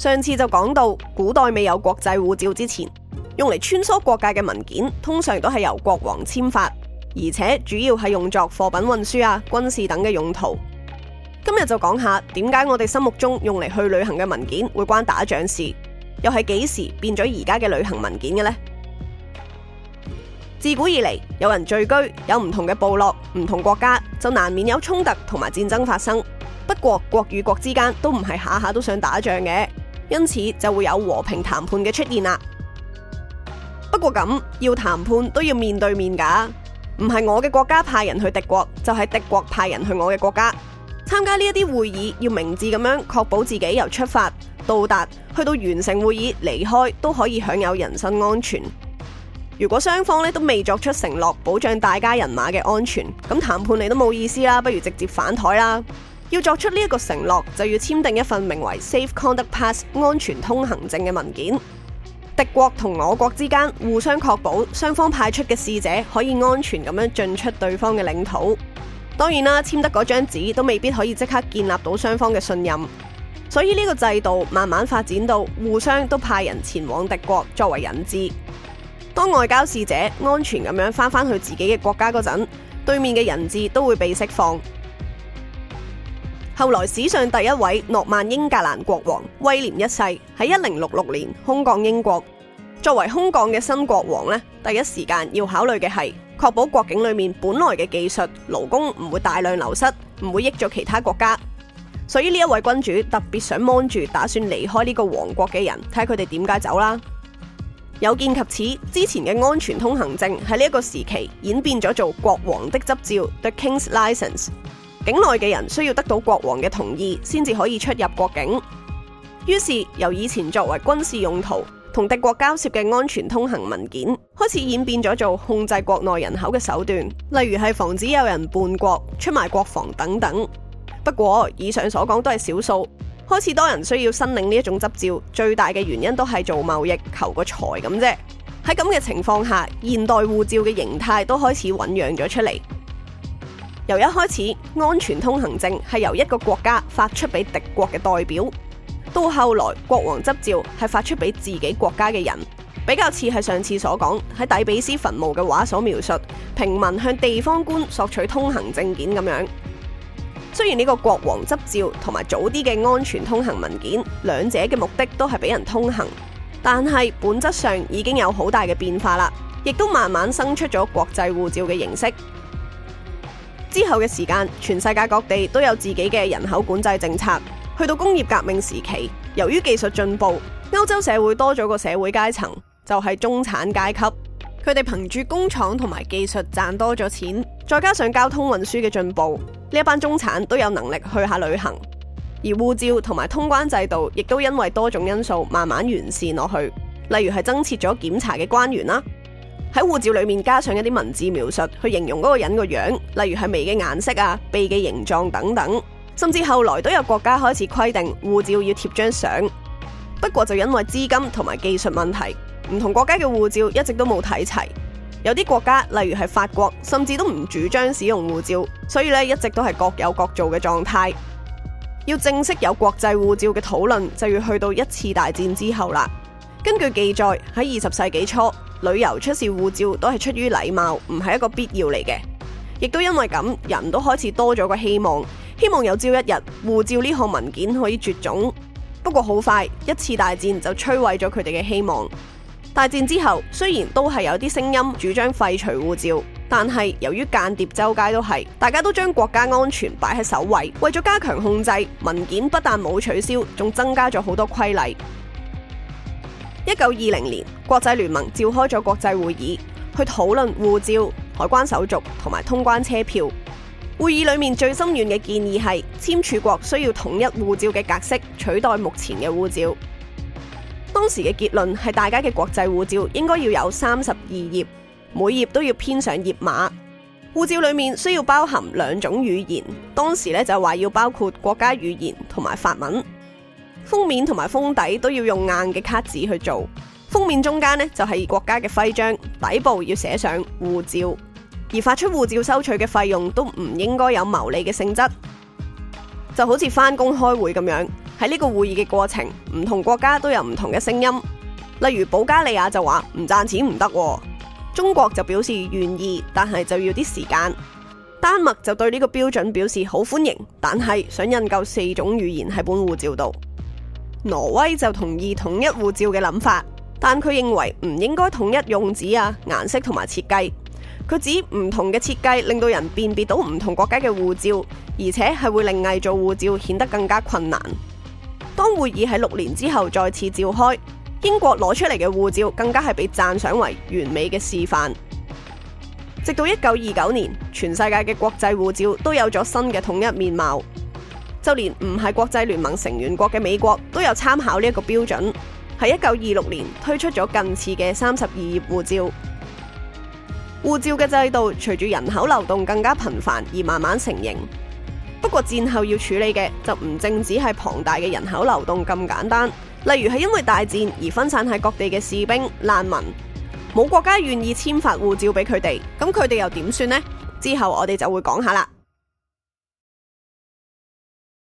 上次就講到，古代未有國際護照之前，用嚟穿梭國界嘅文件通常都係由國王簽發，而且主要係用作貨品運輸啊、軍事等嘅用途。今日就講下點解我哋心目中用嚟去旅行嘅文件會關打仗事，又係幾時變咗而家嘅旅行文件嘅呢？自古以嚟，有人聚居，有唔同嘅部落、唔同國家，就難免有衝突同埋戰爭發生。不過，國與國之間都唔係下下都想打仗嘅。因此就會有和平談判嘅出現啦。不過咁，要談判都要面對面噶，唔係我嘅國家派人去敵國，就係敵國派人去我嘅國家參加呢一啲會議。要明智咁樣確保自己由出發到達去到完成會議離開，都可以享有人身安全。如果雙方咧都未作出承諾保障大家人馬嘅安全，咁談判你都冇意思啦，不如直接反台啦。要作出呢一個承諾，就要簽訂一份名為 Safe Conduct Pass 安全通行證嘅文件。敵國同我國之間互相確保，雙方派出嘅使者可以安全咁樣進出對方嘅領土。當然啦，簽得嗰張紙都未必可以即刻建立到雙方嘅信任。所以呢個制度慢慢發展到，互相都派人前往敵國作為人質。當外交使者安全咁樣翻返去自己嘅國家嗰陣，對面嘅人質都會被釋放。後來，史上第一位諾曼英格蘭國王威廉一世喺一零六六年空降英國，作為空降嘅新國王呢，第一時間要考慮嘅係確保國境裏面本來嘅技術、勞工唔會大量流失，唔會益咗其他國家。所以呢一位君主特別想掹住打算離開呢個王國嘅人，睇佢哋點解走啦。有見及此，之前嘅安全通行證喺呢一個時期演變咗做國王的執照，the king's license。境內嘅人需要得到國王嘅同意，先至可以出入國境。於是由以前作為軍事用途同敵國交涉嘅安全通行文件，開始演變咗做控制國內人口嘅手段，例如係防止有人叛國、出賣國防等等。不過以上所講都係少數，開始多人需要申領呢一種執照，最大嘅原因都係做貿易求個財咁啫。喺咁嘅情況下，現代護照嘅形態都開始醞釀咗出嚟。由一開始，安全通行證係由一個國家發出俾敵國嘅代表，到後來國王執照係發出俾自己國家嘅人，比較似係上次所講喺底比斯墳墓嘅畫所描述，平民向地方官索取通行證件咁樣。雖然呢個國王執照同埋早啲嘅安全通行文件兩者嘅目的都係俾人通行，但係本質上已經有好大嘅變化啦，亦都慢慢生出咗國際護照嘅形式。之後嘅時間，全世界各地都有自己嘅人口管制政策。去到工業革命時期，由於技術進步，歐洲社會多咗個社會階層，就係中產階級。佢哋憑住工廠同埋技術賺多咗錢，再加上交通運輸嘅進步，呢一班中產都有能力去下旅行。而護照同埋通關制度，亦都因為多種因素慢慢完善落去，例如係增設咗檢查嘅官員啦。喺護照裏面加上一啲文字描述，去形容嗰個人個樣，例如係眉嘅顏色啊、鼻嘅形狀等等，甚至後來都有國家開始規定護照要貼張相。不過就因為資金同埋技術問題，唔同國家嘅護照一直都冇睇齊。有啲國家例如係法國，甚至都唔主張使用護照，所以咧一直都係各有各做嘅狀態。要正式有國際護照嘅討論，就要去到一次大戰之後啦。根據記載，喺二十世紀初，旅遊出示護照都係出於禮貌，唔係一個必要嚟嘅。亦都因為咁，人都開始多咗個希望，希望有朝一日護照呢項文件可以絕種。不過好快，一次大戰就摧毀咗佢哋嘅希望。大戰之後，雖然都係有啲聲音主張廢除護照，但係由於間諜周街都係，大家都將國家安全擺喺首位，為咗加強控制，文件不但冇取消，仲增加咗好多規例。一九二零年，國際聯盟召開咗國際會議，去討論護照、海關手續同埋通關車票。會議裏面最深遠嘅建議係，簽署國需要統一護照嘅格式，取代目前嘅護照。當時嘅結論係，大家嘅國際護照應該要有三十二頁，每頁都要編上頁碼。護照裏面需要包含兩種語言，當時咧就話要包括國家語言同埋法文。封面同埋封底都要用硬嘅卡紙去做，封面中間呢，就係國家嘅徽章，底部要寫上護照。而發出護照收取嘅費用都唔應該有牟利嘅性質，就好似返工開會咁樣。喺呢個會議嘅過程，唔同國家都有唔同嘅聲音。例如保加利亞就話唔賺錢唔得，中國就表示願意，但係就要啲時間。丹麥就對呢個標準表示好歡迎，但係想印夠四種語言喺本護照度。挪威就同意統一護照嘅諗法，但佢認為唔應該統一用紙啊、顏色同埋設計。佢指唔同嘅設計令到人辨別到唔同國家嘅護照，而且係會令偽造護照顯得更加困難。當會議喺六年之後再次召開，英國攞出嚟嘅護照更加係被讚賞為完美嘅示範。直到一九二九年，全世界嘅國際護照都有咗新嘅統一面貌。就連唔係國際聯盟成員國嘅美國，都有參考呢一個標準，喺一九二六年推出咗近似嘅三十二頁護照。護照嘅制度隨住人口流動更加頻繁而慢慢成型。不過戰後要處理嘅就唔淨止係龐大嘅人口流動咁簡單，例如係因為大戰而分散喺各地嘅士兵、難民，冇國家願意簽發護照俾佢哋，咁佢哋又點算呢？之後我哋就會講下啦。